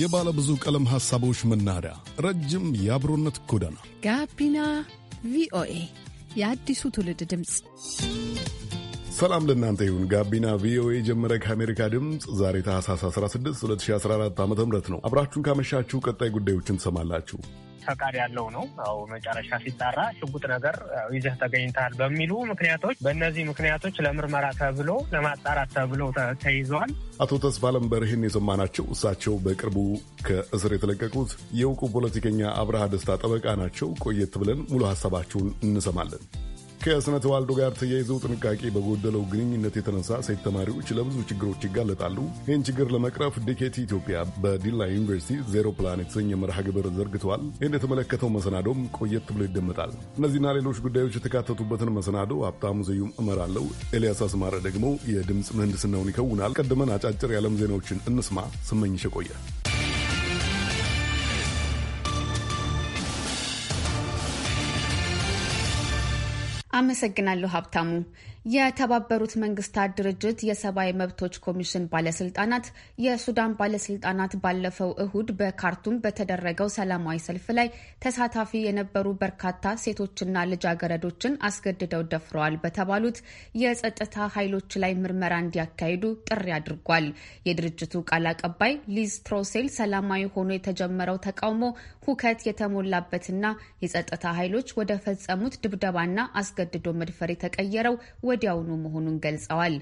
የባለ ብዙ ቀለም ሐሳቦች መናኸሪያ፣ ረጅም የአብሮነት ጎዳና ጋቢና ቪኦኤ የአዲሱ ትውልድ ድምፅ። ሰላም ለእናንተ ይሁን። ጋቢና ቪኦኤ ጀመረ። ከአሜሪካ ድምፅ ዛሬ ታህሳስ 16 2014 ዓ ም ነው። አብራችሁን ካመሻችሁ ቀጣይ ጉዳዮችን ትሰማላችሁ። ፈቃድ ያለው ነው። ያው መጨረሻ ሲጣራ ሽጉጥ ነገር ይዘህ ተገኝታል በሚሉ ምክንያቶች በእነዚህ ምክንያቶች ለምርመራ ተብሎ ለማጣራት ተብሎ ተይዘዋል። አቶ ተስፋለም በርሄን የሰማናቸው እሳቸው በቅርቡ ከእስር የተለቀቁት የእውቁ ፖለቲከኛ አብርሃ ደስታ ጠበቃ ናቸው። ቆየት ብለን ሙሉ ሀሳባቸውን እንሰማለን። ከስነ ተዋልዶ ጋር ተያይዞ ጥንቃቄ በጎደለው ግንኙነት የተነሳ ሴት ተማሪዎች ለብዙ ችግሮች ይጋለጣሉ። ይህን ችግር ለመቅረፍ ዲኬቲ ኢትዮጵያ በዲላ ዩኒቨርሲቲ ዜሮ ፕላን የተሰኘ መርሃ ግብር ዘርግተዋል። ይህን የተመለከተው መሰናዶም ቆየት ብሎ ይደመጣል። እነዚህና ሌሎች ጉዳዮች የተካተቱበትን መሰናዶ ሀብታሙ እመር እመራለሁ። ኤልያስ አስማረ ደግሞ የድምፅ ምህንድስናውን ይከውናል። ቀድመን አጫጭር የዓለም ዜናዎችን እንስማ። ስመኝሽ ቆየ አመሰግናለሁ ሀብታሙ። የተባበሩት መንግስታት ድርጅት የሰብአዊ መብቶች ኮሚሽን ባለስልጣናት የሱዳን ባለስልጣናት ባለፈው እሁድ በካርቱም በተደረገው ሰላማዊ ሰልፍ ላይ ተሳታፊ የነበሩ በርካታ ሴቶችና ልጃገረዶችን አስገድደው ደፍረዋል በተባሉት የጸጥታ ኃይሎች ላይ ምርመራ እንዲያካሂዱ ጥሪ አድርጓል። የድርጅቱ ቃል አቀባይ ሊዝ ትሮሴል ሰላማዊ ሆኖ የተጀመረው ተቃውሞ ሁከት የተሞላበትና የጸጥታ ኃይሎች ወደ ፈጸሙት ድብደባና አስገድዶ መድፈር የተቀየረው ወዲያውኑ መሆኑን ገልጸዋል።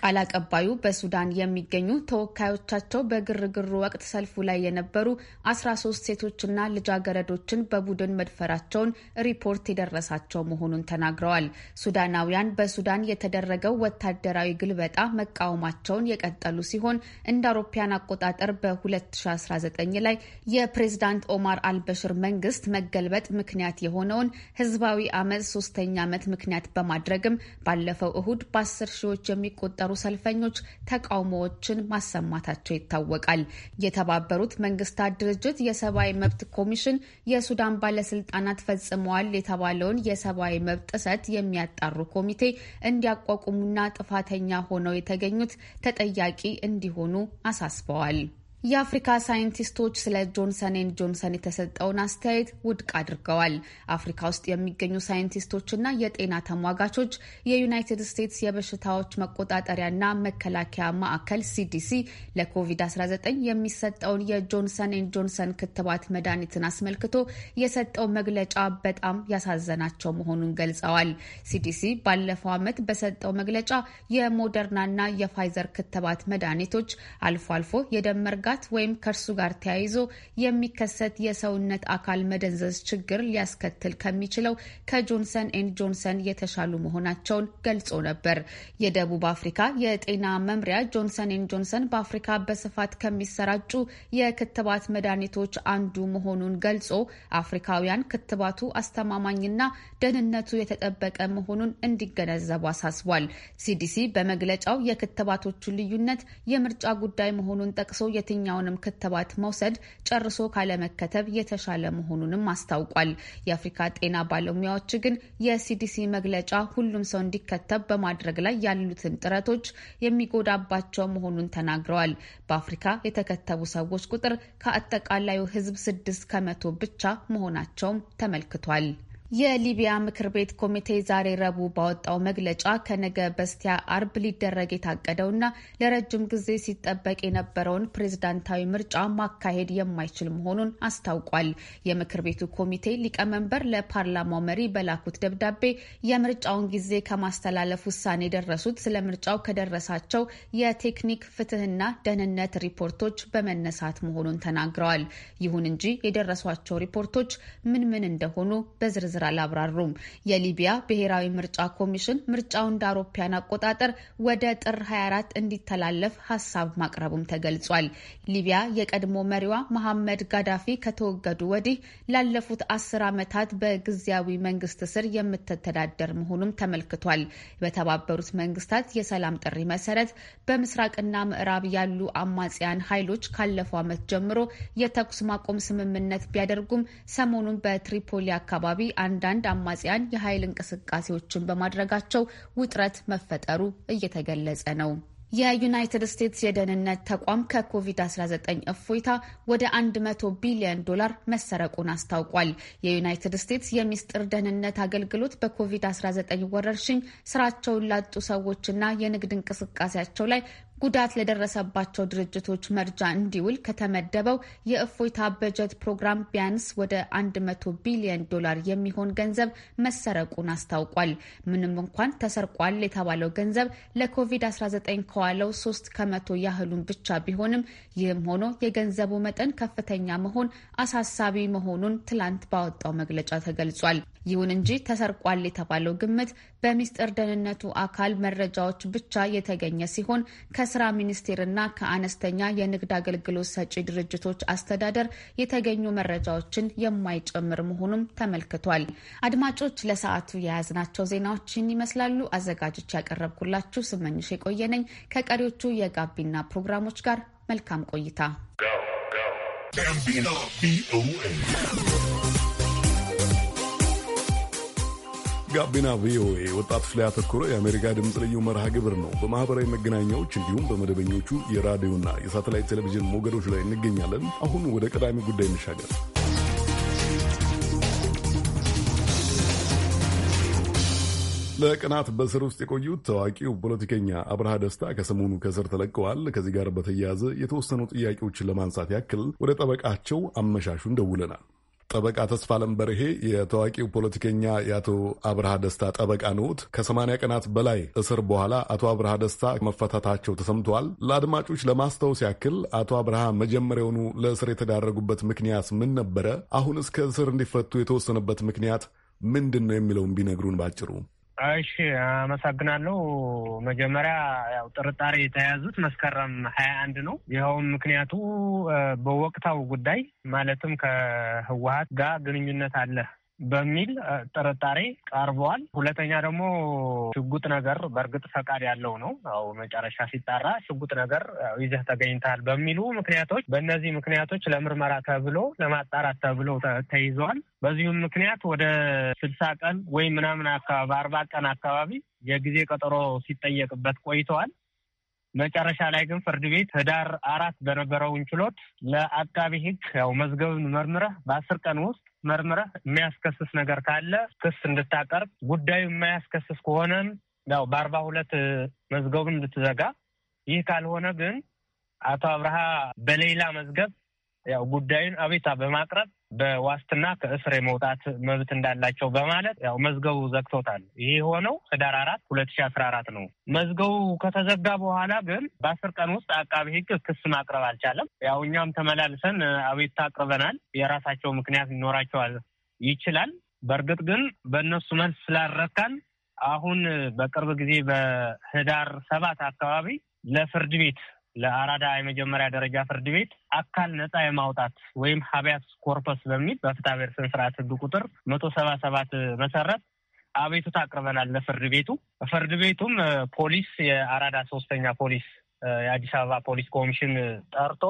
ቃል አቀባዩ በሱዳን የሚገኙ ተወካዮቻቸው በግርግሩ ወቅት ሰልፉ ላይ የነበሩ 13 ሴቶችና ልጃገረዶችን በቡድን መድፈራቸውን ሪፖርት የደረሳቸው መሆኑን ተናግረዋል። ሱዳናውያን በሱዳን የተደረገው ወታደራዊ ግልበጣ መቃወማቸውን የቀጠሉ ሲሆን እንደ አውሮፓያን አቆጣጠር በ2019 ላይ የፕሬዝዳንት ኦማር አልበሽር መንግስት መገልበጥ ምክንያት የሆነውን ህዝባዊ አመፅ ሶስተኛ ዓመት ምክንያት በማድረግም ባለፈው እሁድ በ10 ሺዎች የሚቆጠ የሚቆጠሩ ሰልፈኞች ተቃውሞዎችን ማሰማታቸው ይታወቃል። የተባበሩት መንግስታት ድርጅት የሰብአዊ መብት ኮሚሽን የሱዳን ባለስልጣናት ፈጽመዋል የተባለውን የሰብአዊ መብት ጥሰት የሚያጣሩ ኮሚቴ እንዲያቋቁሙና ጥፋተኛ ሆነው የተገኙት ተጠያቂ እንዲሆኑ አሳስበዋል። የአፍሪካ ሳይንቲስቶች ስለ ጆንሰን ኤን ጆንሰን የተሰጠውን አስተያየት ውድቅ አድርገዋል። አፍሪካ ውስጥ የሚገኙ ሳይንቲስቶችና የጤና ተሟጋቾች የዩናይትድ ስቴትስ የበሽታዎች መቆጣጠሪያና መከላከያ ማዕከል ሲዲሲ ለኮቪድ-19 የሚሰጠውን የጆንሰን ኤን ጆንሰን ክትባት መድኃኒትን አስመልክቶ የሰጠው መግለጫ በጣም ያሳዘናቸው መሆኑን ገልጸዋል። ሲዲሲ ባለፈው ዓመት በሰጠው መግለጫ የሞደርናና የፋይዘር ክትባት መድኃኒቶች አልፎ አልፎ የደመርጋ መጠጋት ወይም ከእርሱ ጋር ተያይዞ የሚከሰት የሰውነት አካል መደንዘዝ ችግር ሊያስከትል ከሚችለው ከጆንሰን ኤንድ ጆንሰን የተሻሉ መሆናቸውን ገልጾ ነበር። የደቡብ አፍሪካ የጤና መምሪያ ጆንሰን ኤንድ ጆንሰን በአፍሪካ በስፋት ከሚሰራጩ የክትባት መድኃኒቶች አንዱ መሆኑን ገልጾ አፍሪካውያን ክትባቱ አስተማማኝና ደህንነቱ የተጠበቀ መሆኑን እንዲገነዘቡ አሳስቧል። ሲዲሲ በመግለጫው የክትባቶቹ ልዩነት የምርጫ ጉዳይ መሆኑን ጠቅሶ የትኛው የትኛውንም ክትባት መውሰድ ጨርሶ ካለመከተብ የተሻለ መሆኑንም አስታውቋል። የአፍሪካ ጤና ባለሙያዎች ግን የሲዲሲ መግለጫ ሁሉም ሰው እንዲከተብ በማድረግ ላይ ያሉትን ጥረቶች የሚጎዳባቸው መሆኑን ተናግረዋል። በአፍሪካ የተከተቡ ሰዎች ቁጥር ከአጠቃላዩ ሕዝብ ስድስት ከመቶ ብቻ መሆናቸውም ተመልክቷል። የሊቢያ ምክር ቤት ኮሚቴ ዛሬ ረቡዕ ባወጣው መግለጫ ከነገ በስቲያ አርብ ሊደረግ የታቀደውና ለረጅም ጊዜ ሲጠበቅ የነበረውን ፕሬዝዳንታዊ ምርጫ ማካሄድ የማይችል መሆኑን አስታውቋል። የምክር ቤቱ ኮሚቴ ሊቀመንበር ለፓርላማው መሪ በላኩት ደብዳቤ የምርጫውን ጊዜ ከማስተላለፍ ውሳኔ የደረሱት ስለ ምርጫው ከደረሳቸው የቴክኒክ ፍትህና ደህንነት ሪፖርቶች በመነሳት መሆኑን ተናግረዋል። ይሁን እንጂ የደረሷቸው ሪፖርቶች ምን ምን እንደሆኑ በዝርዝር ዝርዝር አላብራሩም። የሊቢያ ብሔራዊ ምርጫ ኮሚሽን ምርጫው እንደ አውሮፓያን አቆጣጠር ወደ ጥር 24 እንዲተላለፍ ሀሳብ ማቅረቡም ተገልጿል። ሊቢያ የቀድሞ መሪዋ መሐመድ ጋዳፊ ከተወገዱ ወዲህ ላለፉት አስር ዓመታት በጊዜያዊ መንግስት ስር የምትተዳደር መሆኑም ተመልክቷል። በተባበሩት መንግስታት የሰላም ጥሪ መሰረት በምስራቅና ምዕራብ ያሉ አማጽያን ኃይሎች ካለፈው ዓመት ጀምሮ የተኩስ ማቆም ስምምነት ቢያደርጉም ሰሞኑን በትሪፖሊ አካባቢ አንዳንድ አማጽያን የኃይል እንቅስቃሴዎችን በማድረጋቸው ውጥረት መፈጠሩ እየተገለጸ ነው። የዩናይትድ ስቴትስ የደህንነት ተቋም ከኮቪድ-19 እፎይታ ወደ 100 ቢሊዮን ዶላር መሰረቁን አስታውቋል። የዩናይትድ ስቴትስ የምስጢር ደህንነት አገልግሎት በኮቪድ-19 ወረርሽኝ ስራቸውን ላጡ ሰዎችና የንግድ እንቅስቃሴያቸው ላይ ጉዳት ለደረሰባቸው ድርጅቶች መርጃ እንዲውል ከተመደበው የእፎይታ በጀት ፕሮግራም ቢያንስ ወደ 100 ቢሊዮን ዶላር የሚሆን ገንዘብ መሰረቁን አስታውቋል። ምንም እንኳን ተሰርቋል የተባለው ገንዘብ ለኮቪድ-19 ከዋለው 3 ከመቶ ያህሉን ብቻ ቢሆንም ይህም ሆኖ የገንዘቡ መጠን ከፍተኛ መሆን አሳሳቢ መሆኑን ትላንት ባወጣው መግለጫ ተገልጿል። ይሁን እንጂ ተሰርቋል የተባለው ግምት በሚስጥር ደህንነቱ አካል መረጃዎች ብቻ የተገኘ ሲሆን ከስራ ሚኒስቴርና ከአነስተኛ የንግድ አገልግሎት ሰጪ ድርጅቶች አስተዳደር የተገኙ መረጃዎችን የማይጨምር መሆኑም ተመልክቷል። አድማጮች ለሰዓቱ የያዝናቸው ዜናዎችን ይመስላሉ። አዘጋጆች ያቀረብኩላችሁ ስመኝሽ የቆየ ነኝ። ከቀሪዎቹ የጋቢና ፕሮግራሞች ጋር መልካም ቆይታ። ጋቢና ቪኦኤ ወጣቶች ላይ ያተኮረ የአሜሪካ ድምፅ ልዩ መርሃ ግብር ነው። በማህበራዊ መገናኛዎች እንዲሁም በመደበኞቹ የራዲዮና የሳተላይት ቴሌቪዥን ሞገዶች ላይ እንገኛለን። አሁን ወደ ቀዳሚ ጉዳይ እንሻገር። ለቀናት በእስር ውስጥ የቆዩት ታዋቂው ፖለቲከኛ አብርሃ ደስታ ከሰሞኑ ከእስር ተለቀዋል። ከዚህ ጋር በተያያዘ የተወሰኑ ጥያቄዎችን ለማንሳት ያክል ወደ ጠበቃቸው አመሻሹን ደውለናል። ጠበቃ ተስፋ በርሄ የታዋቂው ፖለቲከኛ የአቶ አብርሃ ደስታ ጠበቃ ነዎት። ከሰማንያ ቀናት በላይ እስር በኋላ አቶ አብርሃ ደስታ መፈታታቸው ተሰምተዋል። ለአድማጮች ለማስታወስ ያክል አቶ አብርሃ መጀመሪያውኑ ለእስር የተዳረጉበት ምክንያት ምን ነበረ? አሁን እስከ እስር እንዲፈቱ የተወሰነበት ምክንያት ምንድን ነው የሚለውን ቢነግሩን ባጭሩ። እሺ አመሰግናለሁ። መጀመሪያ ያው ጥርጣሬ የተያዙት መስከረም ሀያ አንድ ነው። ይኸውም ምክንያቱ በወቅታዊ ጉዳይ ማለትም ከህወሀት ጋር ግንኙነት አለ በሚል ጥርጣሬ ቀርቧል። ሁለተኛ ደግሞ ሽጉጥ ነገር በእርግጥ ፈቃድ ያለው ነው። ያው መጨረሻ ሲጣራ ሽጉጥ ነገር ይዘህ ተገኝታል በሚሉ ምክንያቶች በእነዚህ ምክንያቶች ለምርመራ ተብሎ ለማጣራት ተብሎ ተይዘዋል። በዚሁም ምክንያት ወደ ስልሳ ቀን ወይም ምናምን አካባቢ አርባ ቀን አካባቢ የጊዜ ቀጠሮ ሲጠየቅበት ቆይተዋል። መጨረሻ ላይ ግን ፍርድ ቤት ህዳር አራት በነበረውን ችሎት ለአቃቢ ህግ ያው መዝገብን መርምረህ በአስር ቀን ውስጥ መርምረህ የሚያስከስስ ነገር ካለ ክስ እንድታቀርብ፣ ጉዳዩ የማያስከስስ ከሆነም ያው በአርባ ሁለት መዝገቡ እንድትዘጋ። ይህ ካልሆነ ግን አቶ አብርሃ በሌላ መዝገብ ያው ጉዳዩን አቤታ በማቅረብ በዋስትና ከእስር የመውጣት መብት እንዳላቸው በማለት ያው መዝገቡ ዘግቶታል። ይህ የሆነው ህዳር አራት ሁለት ሺ አስራ አራት ነው። መዝገቡ ከተዘጋ በኋላ ግን በአስር ቀን ውስጥ አቃቢ ህግ ክስ ማቅረብ አልቻለም። ያው እኛም ተመላልሰን አቤቱታ አቅርበናል። የራሳቸው ምክንያት ይኖራቸዋል ይችላል። በእርግጥ ግን በእነሱ መልስ ስላልረካን አሁን በቅርብ ጊዜ በህዳር ሰባት አካባቢ ለፍርድ ቤት ለአራዳ የመጀመሪያ ደረጃ ፍርድ ቤት አካል ነጻ የማውጣት ወይም ሀቢያስ ኮርፐስ በሚል በፍትሐ ስነ ስርዓት ህግ ቁጥር መቶ ሰባ ሰባት መሰረት አቤቱታ አቅርበናል ለፍርድ ቤቱ። ፍርድ ቤቱም ፖሊስ የአራዳ ሶስተኛ ፖሊስ የአዲስ አበባ ፖሊስ ኮሚሽን ጠርቶ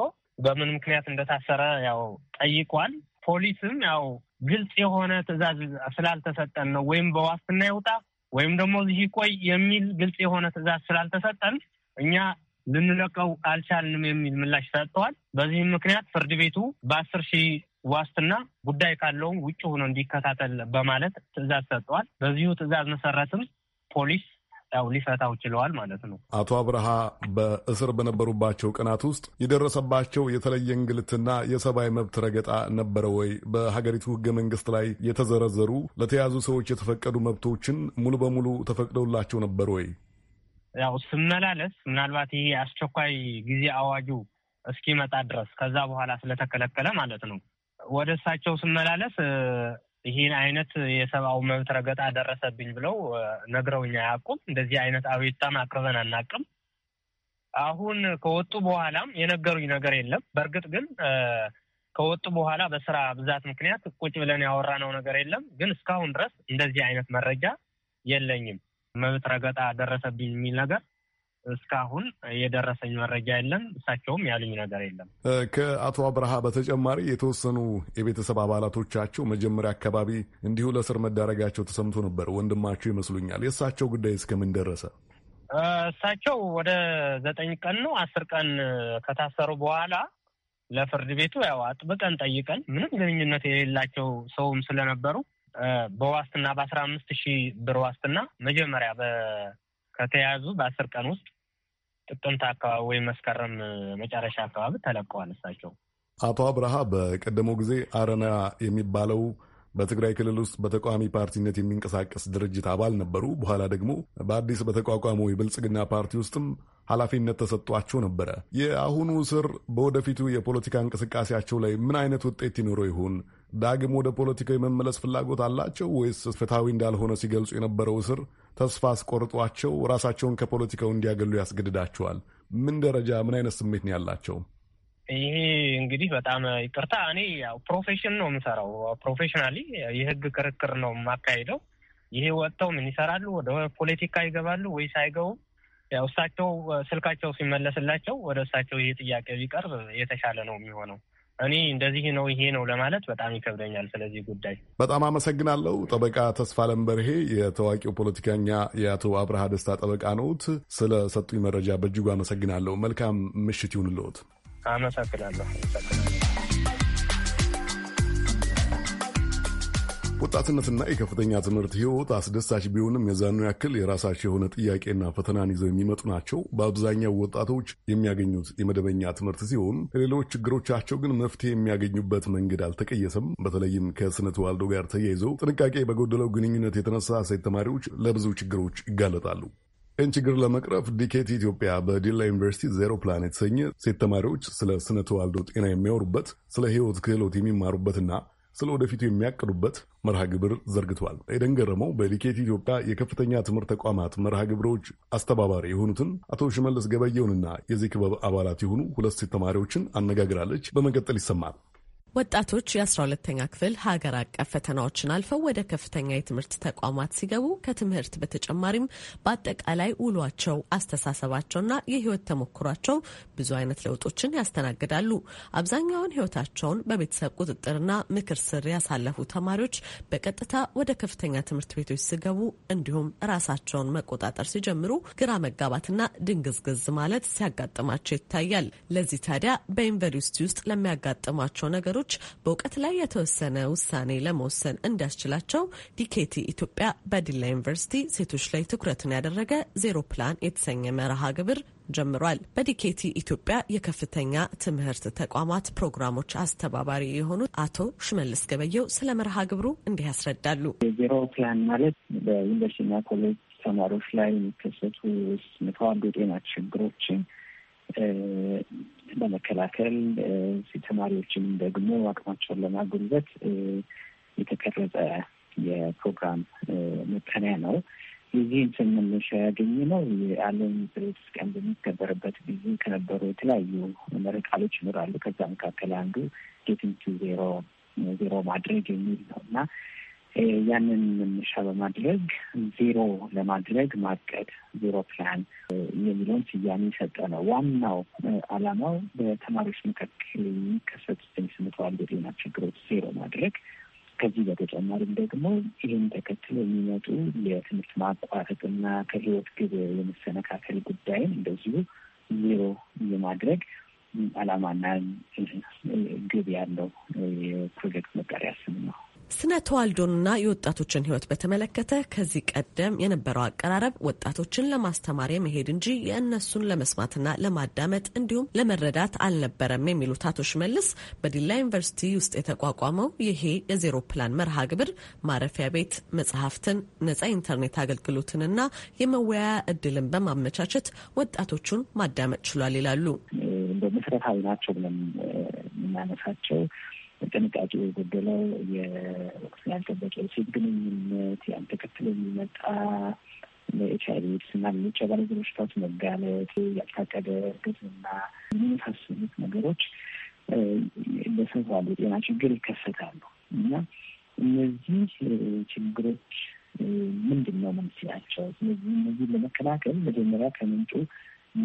በምን ምክንያት እንደታሰረ ያው ጠይቋል። ፖሊስም ያው ግልጽ የሆነ ትዕዛዝ ስላልተሰጠን ነው ወይም በዋስትና ይውጣ ወይም ደግሞ እዚህ ቆይ የሚል ግልጽ የሆነ ትዕዛዝ ስላልተሰጠን እኛ ልንለቀው አልቻልንም የሚል ምላሽ ሰጥተዋል። በዚህም ምክንያት ፍርድ ቤቱ በአስር ሺህ ዋስትና ጉዳይ ካለውም ውጭ ሆኖ እንዲከታተል በማለት ትዕዛዝ ሰጥተዋል። በዚሁ ትዕዛዝ መሰረትም ፖሊስ ያው ሊፈታው ችለዋል ማለት ነው። አቶ አብርሃ በእስር በነበሩባቸው ቀናት ውስጥ የደረሰባቸው የተለየ እንግልትና የሰብአዊ መብት ረገጣ ነበረ ወይ? በሀገሪቱ ህገ መንግስት ላይ የተዘረዘሩ ለተያዙ ሰዎች የተፈቀዱ መብቶችን ሙሉ በሙሉ ተፈቅደውላቸው ነበር ወይ? ያው ስመላለስ ምናልባት ይሄ አስቸኳይ ጊዜ አዋጁ እስኪመጣ ድረስ ከዛ በኋላ ስለተከለከለ ማለት ነው። ወደ እሳቸው ስመላለስ ይህን አይነት የሰብአዊ መብት ረገጣ ደረሰብኝ ብለው ነግረውኝ አያውቁም። እንደዚህ አይነት አቤቱታም አቅርበን አናውቅም። አሁን ከወጡ በኋላም የነገሩኝ ነገር የለም። በእርግጥ ግን ከወጡ በኋላ በስራ ብዛት ምክንያት ቁጭ ብለን ያወራነው ነገር የለም። ግን እስካሁን ድረስ እንደዚህ አይነት መረጃ የለኝም። መብት ረገጣ ደረሰብኝ የሚል ነገር እስካሁን የደረሰኝ መረጃ የለም። እሳቸውም ያሉኝ ነገር የለም። ከአቶ አብርሃ በተጨማሪ የተወሰኑ የቤተሰብ አባላቶቻቸው መጀመሪያ አካባቢ እንዲሁ ለእስር መዳረጋቸው ተሰምቶ ነበር። ወንድማቸው ይመስሉኛል። የእሳቸው ጉዳይ እስከምን ደረሰ? እሳቸው ወደ ዘጠኝ ቀን ነው አስር ቀን ከታሰሩ በኋላ ለፍርድ ቤቱ ያው አጥብቀን ጠይቀን ምንም ግንኙነት የሌላቸው ሰውም ስለነበሩ በዋስትና በአስራ አምስት ሺህ ብር ዋስትና መጀመሪያ ከተያዙ በአስር ቀን ውስጥ ጥቅምት አካባቢ ወይም መስከረም መጨረሻ አካባቢ ተለቀዋል። እሳቸው አቶ አብርሃ በቀደመው ጊዜ አረና የሚባለው በትግራይ ክልል ውስጥ በተቃዋሚ ፓርቲነት የሚንቀሳቀስ ድርጅት አባል ነበሩ። በኋላ ደግሞ በአዲስ በተቋቋመው የብልጽግና ፓርቲ ውስጥም ኃላፊነት ተሰጥቷቸው ነበረ። የአሁኑ እስር በወደፊቱ የፖለቲካ እንቅስቃሴያቸው ላይ ምን አይነት ውጤት ይኖረው ይሆን? ዳግም ወደ ፖለቲካዊ መመለስ ፍላጎት አላቸው ወይስ ፍትሐዊ እንዳልሆነ ሲገልጹ የነበረው እስር ተስፋ አስቆርጧቸው ራሳቸውን ከፖለቲካው እንዲያገሉ ያስገድዳቸዋል? ምን ደረጃ ምን አይነት ስሜት ነው ያላቸው? ይሄ እንግዲህ በጣም ይቅርታ፣ እኔ ያው ፕሮፌሽን ነው የምሰራው። ፕሮፌሽናሊ የህግ ክርክር ነው የማካሄደው። ይሄ ወጥተው ምን ይሰራሉ? ወደ ፖለቲካ ይገባሉ ወይስ አይገቡም? ያው እሳቸው ስልካቸው ሲመለስላቸው ወደ እሳቸው ይሄ ጥያቄ ቢቀርብ የተሻለ ነው የሚሆነው። እኔ እንደዚህ ነው ይሄ ነው ለማለት በጣም ይከብደኛል ስለዚህ ጉዳይ። በጣም አመሰግናለሁ። ጠበቃ ተስፋ ለምበርሄ የታዋቂው ፖለቲከኛ የአቶ አብርሃ ደስታ ጠበቃ ነዎት። ስለ ሰጡኝ መረጃ በእጅጉ አመሰግናለሁ። መልካም ምሽት ይሁንልዎት። አመሰግናለሁ። አመሰግናለሁ። ወጣትነትና የከፍተኛ ትምህርት ህይወት አስደሳች ቢሆንም የዛኑ ያክል የራሳቸው የሆነ ጥያቄና ፈተናን ይዘው የሚመጡ ናቸው። በአብዛኛው ወጣቶች የሚያገኙት የመደበኛ ትምህርት ሲሆን ከሌሎች ችግሮቻቸው ግን መፍትሄ የሚያገኙበት መንገድ አልተቀየሰም። በተለይም ከስነ ተዋልዶ ጋር ተያይዘው ጥንቃቄ በጎደለው ግንኙነት የተነሳ ሴት ተማሪዎች ለብዙ ችግሮች ይጋለጣሉ። ይህን ችግር ለመቅረፍ ዲኬት ኢትዮጵያ በዲላ ዩኒቨርሲቲ ዜሮ ፕላን የተሰኘ ሴት ተማሪዎች ስለ ስነ ተዋልዶ ጤና የሚያወሩበት፣ ስለ ህይወት ክህሎት የሚማሩበትና ስለ ወደፊቱ የሚያቅዱበት መርሃ ግብር ዘርግቷል። ኤደን ገረመው በሊኬት ኢትዮጵያ የከፍተኛ ትምህርት ተቋማት መርሃ ግብሮች አስተባባሪ የሆኑትን አቶ ሽመልስ ገበየውንና የዚህ ክበብ አባላት የሆኑ ሁለት ሴት ተማሪዎችን አነጋግራለች። በመቀጠል ይሰማል። ወጣቶች የ12ተኛ ክፍል ሀገር አቀፍ ፈተናዎችን አልፈው ወደ ከፍተኛ የትምህርት ተቋማት ሲገቡ ከትምህርት በተጨማሪም በአጠቃላይ ውሏቸው፣ አስተሳሰባቸውና የህይወት ተሞክሯቸው ብዙ አይነት ለውጦችን ያስተናግዳሉ። አብዛኛውን ህይወታቸውን በቤተሰብ ቁጥጥርና ምክር ስር ያሳለፉ ተማሪዎች በቀጥታ ወደ ከፍተኛ ትምህርት ቤቶች ሲገቡ እንዲሁም ራሳቸውን መቆጣጠር ሲጀምሩ ግራ መጋባትና ድንግዝግዝ ማለት ሲያጋጥማቸው ይታያል። ለዚህ ታዲያ በዩኒቨርሲቲ ውስጥ ለሚያጋጥሟቸው ነገሮች ተማሪዎች በእውቀት ላይ የተወሰነ ውሳኔ ለመወሰን እንዲያስችላቸው ዲኬቲ ኢትዮጵያ በዲላ ዩኒቨርሲቲ ሴቶች ላይ ትኩረትን ያደረገ ዜሮ ፕላን የተሰኘ መርሃ ግብር ጀምሯል። በዲኬቲ ኢትዮጵያ የከፍተኛ ትምህርት ተቋማት ፕሮግራሞች አስተባባሪ የሆኑት አቶ ሽመልስ ገበየው ስለ መርሃ ግብሩ እንዲህ ያስረዳሉ። የዜሮ ፕላን ማለት በዩኒቨርሲቲና ኮሌጅ ተማሪዎች ላይ የሚከሰቱ የተዋልዶ ጤና ችግሮችን ለመከላከል ተማሪዎችንም ደግሞ አቅማቸውን ለማጎልበት የተቀረጸ የፕሮግራም መጠሪያ ነው። የዚህን ስም መነሻ ያገኘ ነው። የዓለም ስሬት ቀን በሚከበርበት ጊዜ ከነበሩ የተለያዩ መሪ ቃሎች ይኖራሉ። ከዛ መካከል አንዱ ጌቲንግ ቱ ዜሮ ዜሮ ማድረግ የሚል ነው እና ያንን መነሻ በማድረግ ዜሮ ለማድረግ ማቀድ ዜሮ ፕላን የሚለውን ስያሜ የሰጠ ነው። ዋናው ዓላማው በተማሪዎች መካከል የሚከሰቱትን ስነተዋልዶ ጤና ችግሮች ዜሮ ማድረግ ከዚህ በተጨማሪም ደግሞ ይህን ተከትሎ የሚመጡ የትምህርት ማቋረጥና ከህይወት ግብ የመሰነካከል ጉዳይን እንደዚሁ ዜሮ የማድረግ ዓላማና ግብ ያለው የፕሮጀክት መጠሪያ ስም ነው። ስነ ተዋልዶንና የወጣቶችን ህይወት በተመለከተ ከዚህ ቀደም የነበረው አቀራረብ ወጣቶችን ለማስተማር የመሄድ እንጂ የእነሱን ለመስማትና ለማዳመጥ እንዲሁም ለመረዳት አልነበረም የሚሉት አቶ ሽመልስ በዲላ ዩኒቨርሲቲ ውስጥ የተቋቋመው ይሄ ፕላን መርሃ ግብር ማረፊያ ቤት፣ መጽሐፍትን፣ ነጻ ኢንተርኔት አገልግሎትንና የመወያያ እድልን በማመቻቸት ወጣቶቹን ማዳመጥ ችሏል ይላሉ። እንደ መሰረታዊ ናቸው ብለን የምናነሳቸው ጥንቃቄ የጎደለው የወቅት ያልጠበቀ የሴት ግንኙነት ያልተከተለ የሚመጣ ለኤች አይቪ ኤድስ እና ሌሎች አባላዘ በሽታዎች መጋለጥ፣ ያልታቀደ እርግዝና የመሳሰሉት ነገሮች በሰው ባሉ የጤና ችግር ይከሰታሉ እና እነዚህ ችግሮች ምንድን ነው መንስኤያቸው? ስለዚህ እነዚህ ለመከላከል መጀመሪያ ከምንጩ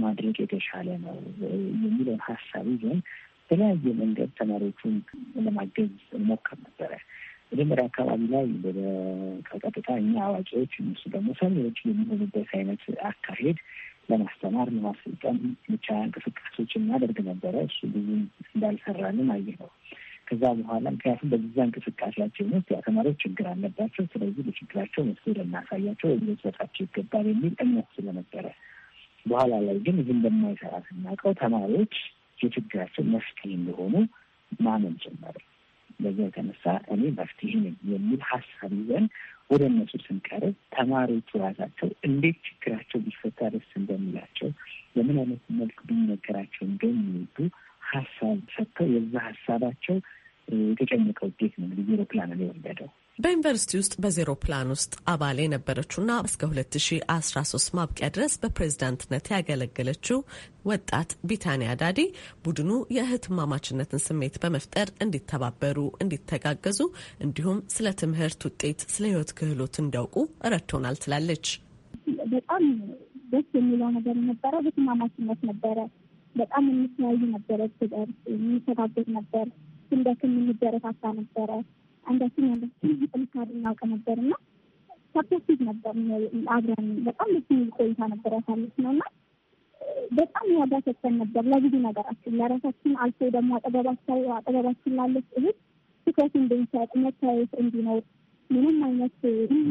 ማድረግ የተሻለ ነው የሚለውን ሀሳብ ይዘን በተለያየ መንገድ ተማሪዎቹን ለማገዝ ሞከር ነበረ። መጀመሪያ አካባቢ ላይ በቀጥታ እኛ አዋቂዎች እነሱ ደግሞ ሰሚዎች የሚሆኑበት አይነት አካሄድ ለማስተማር ለማሰልጠን ብቻ እንቅስቃሴዎች እናደርግ ነበረ። እሱ ብዙ እንዳልሰራንም አየ ነው። ከዛ በኋላ ምክንያቱም በዛ እንቅስቃሴያችን ውስጥ ያ ተማሪዎች ችግር አለባቸው፣ ስለዚህ በችግራቸው መስ ልናሳያቸው ወይም ይገባል የሚል እምነት ስለነበረ በኋላ ላይ ግን ይህ እንደማይሰራ ስናውቀው ተማሪዎች የችግራችን መፍትሄ እንደሆኑ ማመን ጀመረ። በዚያ የተነሳ እኔ መፍትሄ ነኝ የሚል ሀሳብ ይዘን ወደ እነሱ ስንቀርብ ተማሪዎቹ ራሳቸው እንዴት ችግራቸው ቢፈታ ደስ እንደሚላቸው በምን አይነት መልክ ብንነገራቸው እንደሚወዱ ሀሳብ ሰጥተው የዛ ሀሳባቸው የተጨመቀ ውጤት ነው እንግዲህ ፕላን ላይ የወለደው በዩኒቨርሲቲ ውስጥ በዜሮ ፕላን ውስጥ አባል የነበረችውና እስከ 2013 ማብቂያ ድረስ በፕሬዝዳንትነት ያገለገለችው ወጣት ቢታንያ ዳዲ ቡድኑ የእህትማማችነትን ስሜት በመፍጠር እንዲተባበሩ፣ እንዲተጋገዙ እንዲሁም ስለ ትምህርት ውጤት፣ ስለ ህይወት ክህሎት እንዲያውቁ ረድቶናል ትላለች። በጣም ደስ የሚለው ነገር የነበረው እህትማማችነት ነበረ። በጣም የምትለያዩ ነበረ፣ ትደርስ የሚተጋገዝ ነበር፣ ስንደክም የምንደረታታ ነበረ አንዳችን ያለችን ጥንካሬ እናውቅ ነበር እና ሰፖርቲቭ ነበር። አብረን በጣም ልክ ቆይታ ነበር ያሳለች ነው እና በጣም ያዳሰሰን ነበር ለብዙ ነገራችን ለራሳችን አልፎ ደግሞ አጠገባቸው አጠገባችን ላለች እህት ትኩረት እንድንሰጥ መታየት እንዲኖር ምንም አይነት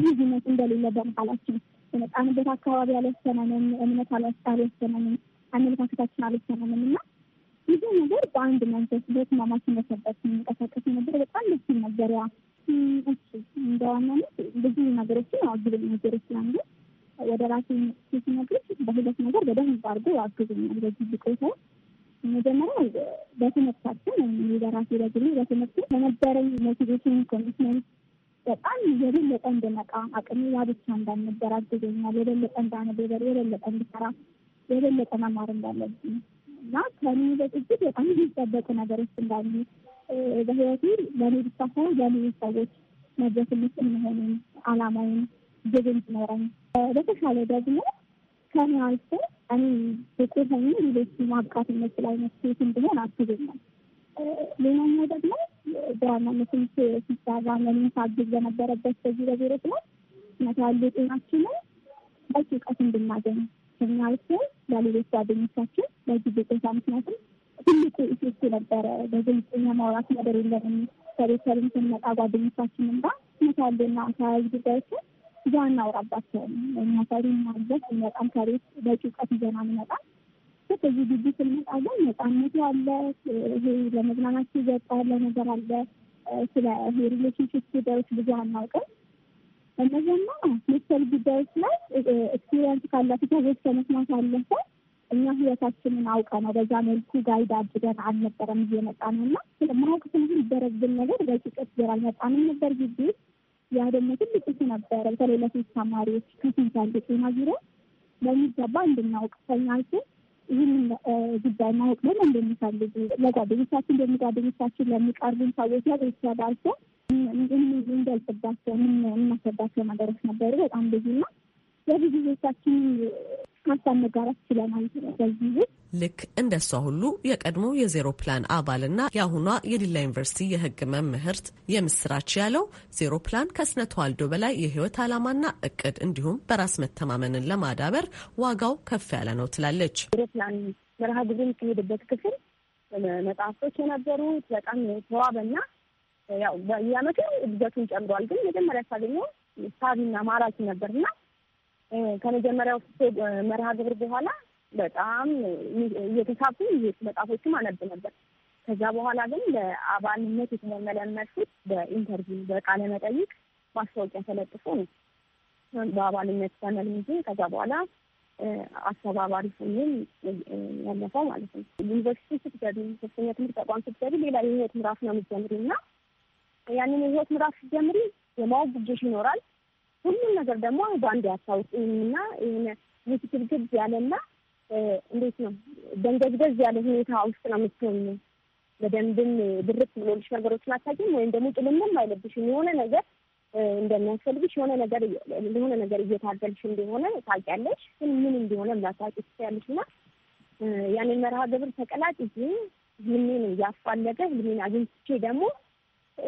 ልዩነት እንደሌለ በመሀላችን የመጣንበት አካባቢ አልወሰነንም፣ እምነት አልወሰነንም፣ አመለካከታችን አልወሰነንም እና ብዙ ነገር በአንድ መንፈስ ቤት በመስማማት መሰበት ስንንቀሳቀስ ነበር። በጣም ደስ ይል ነበር። ያ እሱ እንደ ብዙ ነገሮችን አግብ ነገር ስላለ ወደ ራሴ ሲነግር በሁለት ነገር በደንብ አድርጎ አግዞኛል። በዚህ ብቆታ መጀመሪያ በትምህርታችን ወይም በራሴ በግሌ በትምህርት በነበረኝ ሞቲቬሽን ኮሚትመንት በጣም የበለጠ እንደመቃ አቅሜ ያ ብቻ እንዳልነበር አግዞኛል። የበለጠ እንዳነበበር የበለጠ እንድሰራ፣ የበለጠ መማር እንዳለብኝ እና ከኔ በጥቂት በጣም የሚጠበቁ ነገሮች እንዳሉ በህይወቴ ለእኔ ብቻ ሳይሆን ለሌሎች ሰዎች መድረስ የምችል መሆኑን አላማውን ግብ እንዲኖረኝ በተሻለ ደግሞ ከኔ አልፎ እኔ ብቁ ሆኑ ሌሎች ማብቃት የምችል አይነት ሴት እንዲሆን አስቦኛል። ሌላኛው ደግሞ በዋናነት ሲሰራ ለምን ሳግዝ በነበረበት በዚህ በዜሮ ስላት ያሉ ጤናችንን በቂ እውቀት እንድናገኝ እኛ ሲሆን ለሌሎች ጓደኞቻችን በጊዜ ቆይታ ምክንያቱም ትልቁ ኢፌክት ነበረ። በግልጽ ማውራት ነገር የለንም። ከቤተሰብም ስንመጣ ጓደኞቻችንም ጋር ስመታልና አካባቢ ጉዳዮችን እዛ እናውራባቸውም። የሚያሳሪ ማለት ስንመጣም ከቤት በቂ እውቀት ይዘና እንመጣ ከዚህ ግቢ ስንመጣ ግን ነፃነቱ አለ። ይሄ ለመዝናናት ሲዘጣ ያለ ነገር አለ። ስለ ሪሌሽንሽፕ ጉዳዮች ብዙ አናውቅም። እነዚህና መሰል ጉዳዮች ላይ ኤክስፔሪንስ ካላቸው ሰዎች ከመስማት አለፈ እኛ ህይወታችንን አውቀ ነው በዛ መልኩ ጋይድ አድርገን አልነበረም እየመጣ ነው እና ማወቅ ስንል ይደረግብን ነገር በጭቀት ዘር አልመጣንም ነበር ጊዜ ያ ደግሞ ትልቅ ሱ ነበረ። በተለይ ለሴት ተማሪዎች ከስንት ያለ ጤና ዙሪያ በሚገባ እንድናውቅ ሰኛችን ይህንን ጉዳይ ማወቅ ደግሞ እንደሚፈልጉ ለጓደኞቻችን እንደሚጓደኞቻችን ለሚቀርቡን ሰዎች ለቤተሰብ ባልሰ የምንገልጽባቸው የምናስባቸው ነገሮች ነበሩ። በጣም ብዙ ና ለብዙ ቤታችን ሀሳብ መጋራት በዚህ ልክ እንደሷ ሁሉ የቀድሞ የዜሮ ፕላን አባልና የአሁኗ የዲላ ዩኒቨርሲቲ የሕግ መምህርት የምስራች ያለው ዜሮ ፕላን ከስነ ተዋልዶ በላይ የህይወት ዓላማና እቅድ እንዲሁም በራስ መተማመንን ለማዳበር ዋጋው ከፍ ያለ ነው ትላለች። ዜሮ ፕላን መርሃ ግብር የሚካሄድበት ክፍል መጽሐፍቶች የነበሩት በጣም ተዋበና ያው በየአመቱ እድገቱን ጨምሯል። ግን መጀመሪያ ሳገኘው ሳቢና ማራኪ ነበርና ከመጀመሪያው መርሃ ግብር በኋላ በጣም እየተሳቡ መጽሐፎችም አነብ ነበር። ከዛ በኋላ ግን ለአባልነት የተመለመልኩት በኢንተርቪው በቃለ መጠይቅ ማስታወቂያ ተለጥፎ ነው በአባልነት ተመልምጄ ከዛ በኋላ አስተባባሪ ሆኜም ያለፈው ማለት ነው። ዩኒቨርሲቲ ስትገቢ፣ ከፍተኛ ትምህርት ተቋም ስትገቢ ሌላ የህይወት ምዕራፍ ነው የምትጀምሪ እና ያንን የህይወት ምዕራፍ ስትጀምሪ የማወቅ ጉጆች ይኖራል ሁሉም ነገር ደግሞ በአንድ ያስታውቅኝና የሆነ ውስግብግብ ያለና እንዴት ነው ደንገዝገዝ ያለ ሁኔታ ውስጥ ነው የምትሆኝ። በደንብም ድርት ብሎልሽ ነገሮችን አታውቂም፣ ወይም ደግሞ ጥልምም አይለብሽም። የሆነ ነገር እንደሚያስፈልግሽ የሆነ ነገር የሆነ ነገር እየታገልሽ እንደሆነ ታውቂያለሽ፣ ግን ምን እንደሆነ ላታውቂ ትችያለሽ። እና ያንን መርሃ ግብር ተቀላቅዬ ህልሜን እያፋለገ ህልሜን አግኝቼ ደግሞ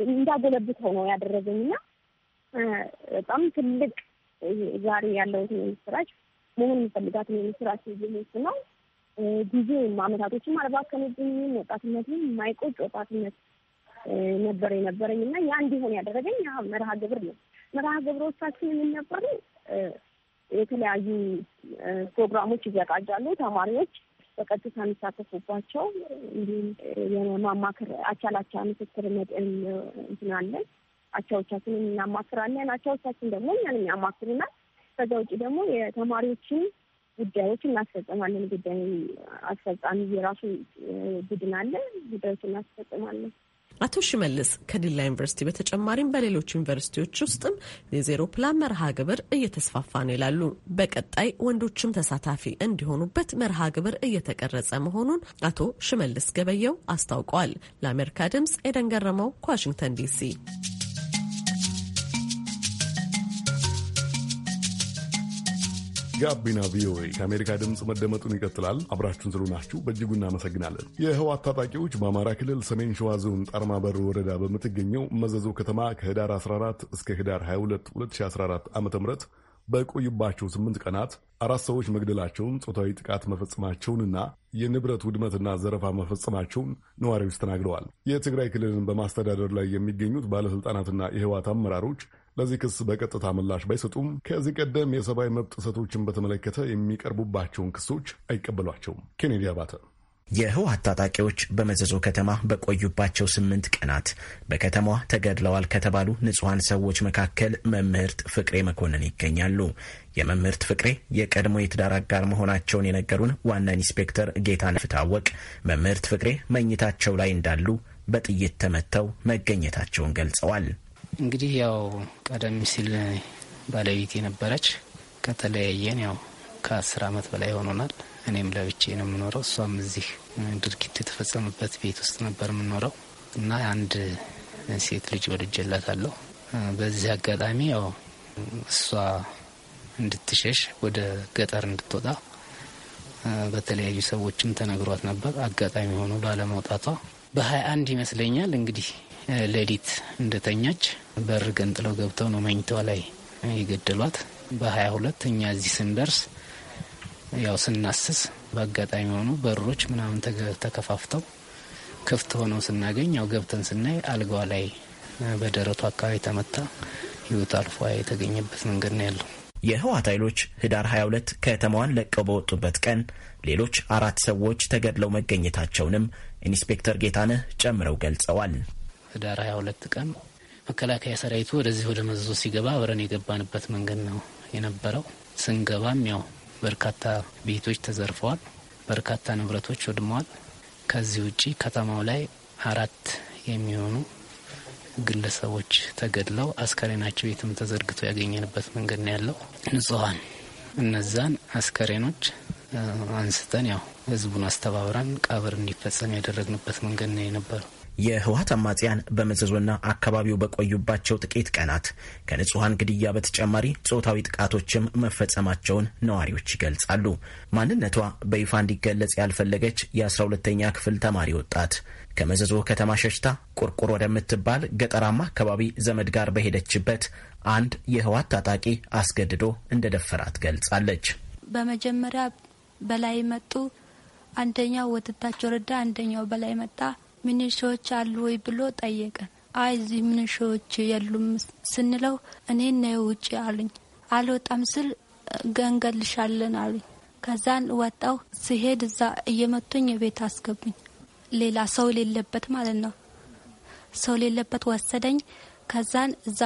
እንዳጎለብተው ነው ያደረገኝ እና በጣም ትልቅ ዛሬ ያለውን የምስራች መሆን የሚፈልጋት የምስራች እየሞት ነው። ጊዜ አመታቶችም አልባከኑብኝ። ወጣትነት የማይቆጭ ወጣትነት ነበር የነበረኝ እና ያ እንዲሆን ያደረገኝ መርሃ ግብር ነው። መርሃ ግብሮቻችን የምንነበሩ የተለያዩ ፕሮግራሞች ይዘጋጃሉ። ተማሪዎች በቀጥታ የሚሳተፉባቸው እንዲሁም የማማከር አቻላቻ ምስክር መጠን እንትናለን አቻዎቻችንን እናማክራለን። አቻዎቻችን ደግሞ እኛን ያማክሩናል። ከዛ ውጭ ደግሞ የተማሪዎችን ጉዳዮች እናስፈጽማለን። ጉዳይ አስፈጻሚ የራሱ ቡድን አለ። ጉዳዮች እናስፈጽማለን። አቶ ሽመልስ ከዲላ ዩኒቨርሲቲ በተጨማሪም በሌሎች ዩኒቨርሲቲዎች ውስጥም የዜሮ ፕላን መርሃ ግብር እየተስፋፋ ነው ይላሉ። በቀጣይ ወንዶችም ተሳታፊ እንዲሆኑበት መርሃ ግብር እየተቀረጸ መሆኑን አቶ ሽመልስ ገበየው አስታውቀዋል። ለአሜሪካ ድምጽ ኤደን ገረመው ከዋሽንግተን ዲሲ ጋቢና ቪኦኤ ከአሜሪካ ድምፅ መደመጡን ይቀጥላል። አብራችሁን ስለሆናችሁ በእጅጉ እናመሰግናለን። የህዋት ታጣቂዎች በአማራ ክልል ሰሜን ሸዋ ዞን በር ወረዳ በምትገኘው መዘዞ ከተማ ከህዳር 14 እስከ ህዳር 22 2014 ዓ ም በቆዩባቸው ስምንት ቀናት አራት ሰዎች መግደላቸውን፣ ጾታዊ ጥቃት መፈጸማቸውንና የንብረት ውድመትና ዘረፋ መፈጸማቸውን ነዋሪዎች ተናግረዋል። የትግራይ ክልልን በማስተዳደር ላይ የሚገኙት ባለሥልጣናትና የህዋት አመራሮች ለዚህ ክስ በቀጥታ ምላሽ ባይሰጡም ከዚህ ቀደም የሰብአዊ መብት ጥሰቶችን በተመለከተ የሚቀርቡባቸውን ክሶች አይቀበሏቸውም። ኬኔዲ አባተ የህወሀት ታጣቂዎች በመዘዞ ከተማ በቆዩባቸው ስምንት ቀናት በከተማዋ ተገድለዋል ከተባሉ ንጹሐን ሰዎች መካከል መምህርት ፍቅሬ መኮንን ይገኛሉ። የመምህርት ፍቅሬ የቀድሞ የትዳር አጋር መሆናቸውን የነገሩን ዋና ኢንስፔክተር ጌታ ታወቅ መምህርት ፍቅሬ መኝታቸው ላይ እንዳሉ በጥይት ተመተው መገኘታቸውን ገልጸዋል። እንግዲህ ያው ቀደም ሲል ባለቤት የነበረች ከተለያየን ያው ከአስር አመት በላይ ሆኖናል። እኔም ለብቼ ነው የምኖረው፣ እሷም እዚህ ድርጊት የተፈጸመበት ቤት ውስጥ ነበር የምኖረው እና አንድ ሴት ልጅ ወልጄላታለሁ። በዚህ አጋጣሚ ያው እሷ እንድትሸሽ ወደ ገጠር እንድትወጣ በተለያዩ ሰዎችም ተነግሯት ነበር። አጋጣሚ ሆኖ ባለመውጣቷ በሀያ አንድ ይመስለኛል እንግዲህ ሌሊት እንደተኛች በር ገንጥለው ገብተው ነው መኝታዋ ላይ የገደሏት። በሀያ ሁለት እኛ እዚህ ስንደርስ ያው ስናስስ በአጋጣሚ ሆኑ በሮች ምናምን ተከፋፍተው ክፍት ሆነው ስናገኝ ያው ገብተን ስናይ አልጋዋ ላይ በደረቱ አካባቢ ተመታ ህይወት አልፎ የተገኘበት መንገድ ነው ያለው። የህወሓት ኃይሎች ህዳር 22 ከተማዋን ለቀው በወጡበት ቀን ሌሎች አራት ሰዎች ተገድለው መገኘታቸውንም ኢንስፔክተር ጌታነህ ጨምረው ገልጸዋል። ህዳር 22 ቀን መከላከያ ሰራዊቱ ወደዚህ ወደ መዞ ሲገባ አብረን የገባንበት መንገድ ነው የነበረው። ስንገባም ያው በርካታ ቤቶች ተዘርፈዋል፣ በርካታ ንብረቶች ወድመዋል። ከዚህ ውጪ ከተማው ላይ አራት የሚሆኑ ግለሰቦች ተገድለው አስከሬናቸው የትም ተዘርግቶ ያገኘንበት መንገድ ነው ያለው። ንጹሐን እነዛን አስከሬኖች አንስተን ያው ህዝቡን አስተባብረን ቀብር እንዲፈጸም ያደረግንበት መንገድ ነው የነበረው። የህወሀት አማጽያን በመዘዞና አካባቢው በቆዩባቸው ጥቂት ቀናት ከንጹሐን ግድያ በተጨማሪ ጾታዊ ጥቃቶችም መፈጸማቸውን ነዋሪዎች ይገልጻሉ። ማንነቷ በይፋ እንዲገለጽ ያልፈለገች የ12ተኛ ክፍል ተማሪ ወጣት ከመዘዞ ከተማ ሸሽታ ቁርቁር ወደምትባል ገጠራማ አካባቢ ዘመድ ጋር በሄደችበት አንድ የህወሀት ታጣቂ አስገድዶ እንደደፈራት ገልጻለች። በመጀመሪያ በላይ መጡ። አንደኛው ወደታች ወረዳ፣ አንደኛው በላይ መጣ። ምንሾዎች አሉ ወይ ብሎ ጠየቀን። አይ እዚህ ምንሾዎች የሉም ስንለው እኔ ነው ውጭ አሉኝ። አልወጣም ስል ገንገልሻለን አሉኝ። ከዛን ወጣው ስሄድ እዛ እየመቱኝ ቤት አስገቡኝ። ሌላ ሰው ሌለበት ማለት ነው። ሰው ሌለበት ወሰደኝ። ከዛን እዛ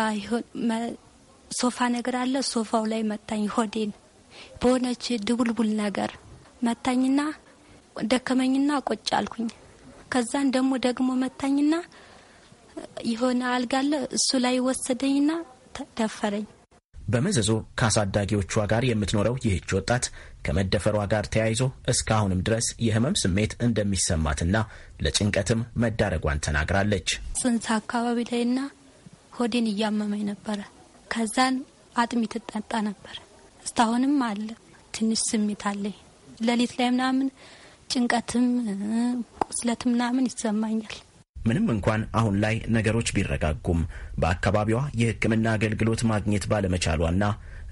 ሶፋ ነገር አለ። ሶፋው ላይ መታኝ። ሆዴን በሆነች ድቡልቡል ነገር መታኝና ደከመኝና ቆጭ አልኩኝ። ከዛን ደግሞ ደግሞ መታኝና የሆነ አልጋ አለ እሱ ላይ ወሰደኝና ደፈረኝ። በመዘዞ ከአሳዳጊዎቿ ጋር የምትኖረው ይህች ወጣት ከመደፈሯ ጋር ተያይዞ እስካሁንም ድረስ የህመም ስሜት እንደሚሰማትና ለጭንቀትም መዳረጓን ተናግራለች። ጽንስ አካባቢ ላይና ሆዴን እያመመኝ ነበረ። ከዛን አጥሚ ትጠጣ ነበር። እስካሁንም አለ። ትንሽ ስሜት አለኝ። ሌሊት ላይ ምናምን ጭንቀትም ቁስለት ምናምን ይሰማኛል። ምንም እንኳን አሁን ላይ ነገሮች ቢረጋጉም በአካባቢዋ የሕክምና አገልግሎት ማግኘት ባለመቻሏና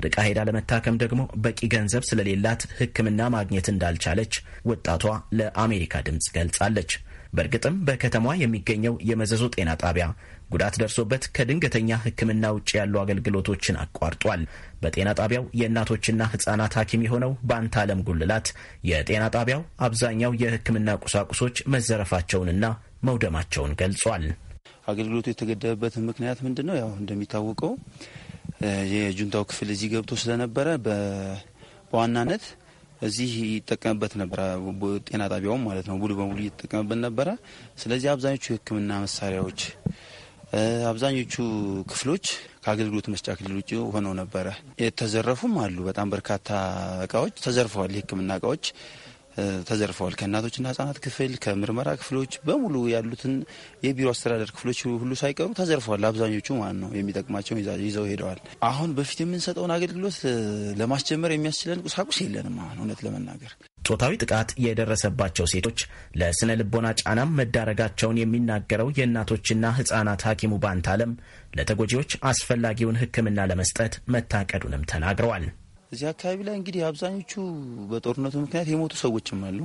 ርቃ ሄዳ ለመታከም ደግሞ በቂ ገንዘብ ስለሌላት ሕክምና ማግኘት እንዳልቻለች ወጣቷ ለአሜሪካ ድምፅ ገልጻለች። በእርግጥም በከተማዋ የሚገኘው የመዘዞ ጤና ጣቢያ ጉዳት ደርሶበት ከድንገተኛ ሕክምና ውጭ ያሉ አገልግሎቶችን አቋርጧል። በጤና ጣቢያው የእናቶችና ህጻናት ሐኪም የሆነው በአንተ አለም ጉልላት የጤና ጣቢያው አብዛኛው የህክምና ቁሳቁሶች መዘረፋቸውንና መውደማቸውን ገልጿል። አገልግሎቱ የተገደበበትን ምክንያት ምንድን ነው? ያው እንደሚታወቀው የጁንታው ክፍል እዚህ ገብቶ ስለነበረ በዋናነት እዚህ ይጠቀምበት ነበረ። ጤና ጣቢያውም ማለት ነው ሙሉ በሙሉ እየተጠቀምበት ነበረ። ስለዚህ አብዛኞቹ የህክምና መሳሪያዎች አብዛኞቹ ክፍሎች ከአገልግሎት መስጫ ክልል ውጭ ሆነው ነበረ። የተዘረፉም አሉ። በጣም በርካታ እቃዎች ተዘርፈዋል። የሕክምና እቃዎች ተዘርፈዋል። ከእናቶችና ህጻናት ክፍል፣ ከምርመራ ክፍሎች በሙሉ ያሉትን የቢሮ አስተዳደር ክፍሎች ሁሉ ሳይቀሩ ተዘርፈዋል። አብዛኞቹ ማለት ነው የሚጠቅማቸው ይዘው ሄደዋል። አሁን በፊት የምንሰጠውን አገልግሎት ለማስጀመር የሚያስችለን ቁሳቁስ የለንም። አሁን እውነት ለመናገር ጾታዊ ጥቃት የደረሰባቸው ሴቶች ለስነ ልቦና ጫናም መዳረጋቸውን የሚናገረው የእናቶችና ህጻናት ሐኪሙ ባንታለም ለተጎጂዎች አስፈላጊውን ሕክምና ለመስጠት መታቀዱንም ተናግረዋል። እዚህ አካባቢ ላይ እንግዲህ አብዛኞቹ በጦርነቱ ምክንያት የሞቱ ሰዎችም አሉ።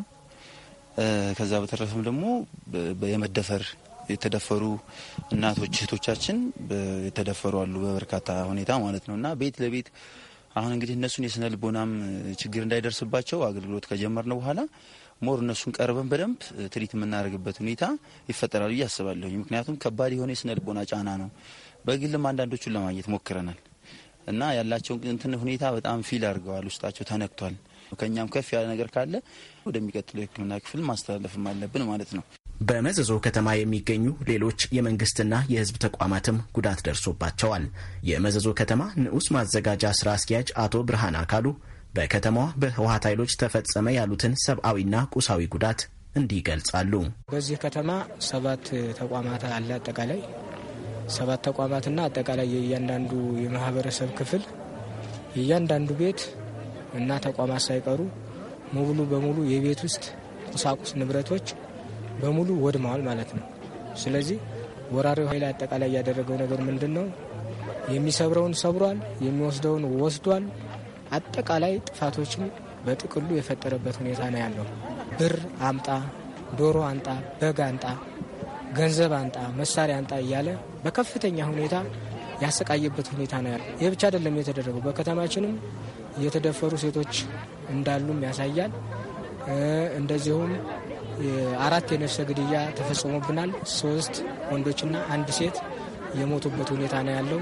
ከዛ በተረፈም ደግሞ የመደፈር የተደፈሩ እናቶች እህቶቻችን የተደፈሩ አሉ በበርካታ ሁኔታ ማለት ነው እና ቤት ለቤት አሁን እንግዲህ እነሱን የስነ ልቦናም ችግር እንዳይደርስባቸው አገልግሎት ከጀመርን በኋላ ሞር እነሱን ቀርበን በደንብ ትሪት የምናደርግበት ሁኔታ ይፈጠራል ብዬ አስባለሁ። ምክንያቱም ከባድ የሆነ የስነ ልቦና ጫና ነው። በግልም አንዳንዶቹን ለማግኘት ሞክረናል እና ያላቸው እንትን ሁኔታ በጣም ፊል አድርገዋል። ውስጣቸው ተነክቷል። ከእኛም ከፍ ያለ ነገር ካለ ወደሚቀጥለው የሕክምና ክፍል ማስተላለፍም አለብን ማለት ነው። በመዘዞ ከተማ የሚገኙ ሌሎች የመንግስትና የህዝብ ተቋማትም ጉዳት ደርሶባቸዋል። የመዘዞ ከተማ ንዑስ ማዘጋጃ ስራ አስኪያጅ አቶ ብርሃን አካሉ በከተማዋ በህወሀት ኃይሎች ተፈጸመ ያሉትን ሰብአዊና ቁሳዊ ጉዳት እንዲህ ይገልጻሉ። በዚህ ከተማ ሰባት ተቋማት አለ። አጠቃላይ ሰባት ተቋማትና አጠቃላይ የእያንዳንዱ የማህበረሰብ ክፍል የእያንዳንዱ ቤት እና ተቋማት ሳይቀሩ ሙሉ በሙሉ የቤት ውስጥ ቁሳቁስ ንብረቶች በሙሉ ወድመዋል ማለት ነው። ስለዚህ ወራሪው ኃይል አጠቃላይ ያደረገው ነገር ምንድን ነው? የሚሰብረውን ሰብሯል፣ የሚወስደውን ወስዷል። አጠቃላይ ጥፋቶችን በጥቅሉ የፈጠረበት ሁኔታ ነው ያለው። ብር አምጣ፣ ዶሮ አንጣ፣ በግ አንጣ፣ ገንዘብ አንጣ፣ መሳሪያ አንጣ እያለ በከፍተኛ ሁኔታ ያሰቃየበት ሁኔታ ነው ያለው። ይህ ብቻ አይደለም የተደረገው። በከተማችንም የተደፈሩ ሴቶች እንዳሉም ያሳያል። እንደዚሁም አራት የነፍሰ ግድያ ተፈጽሞብናል። ሶስት ወንዶችና አንድ ሴት የሞቱበት ሁኔታ ነው ያለው።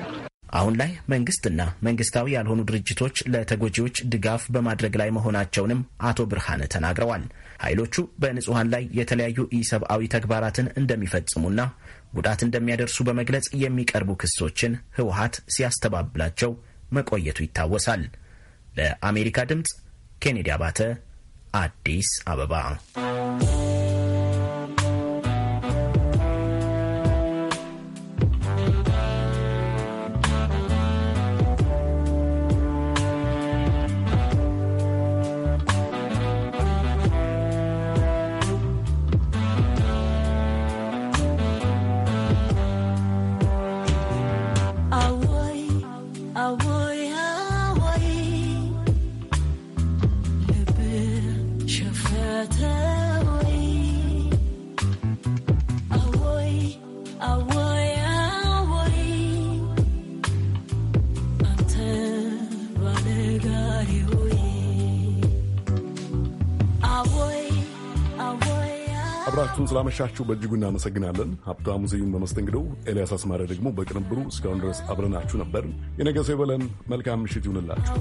አሁን ላይ መንግስትና መንግስታዊ ያልሆኑ ድርጅቶች ለተጎጂዎች ድጋፍ በማድረግ ላይ መሆናቸውንም አቶ ብርሃነ ተናግረዋል። ኃይሎቹ በንጹሐን ላይ የተለያዩ ኢሰብአዊ ተግባራትን እንደሚፈጽሙና ጉዳት እንደሚያደርሱ በመግለጽ የሚቀርቡ ክሶችን ህወሀት ሲያስተባብላቸው መቆየቱ ይታወሳል። ለአሜሪካ ድምፅ ኬኔዲ አባተ አዲስ አበባ አብራችሁን ስላመሻችሁ በእጅጉ እናመሰግናለን። ሀብታሙ ስዩም በመስተንግደው፣ ኤልያስ አስማሪ ደግሞ በቅንብሩ እስካሁን ድረስ አብረናችሁ ነበር። የነገ ሰው ይበለን። መልካም ምሽት ይሁንላችሁ።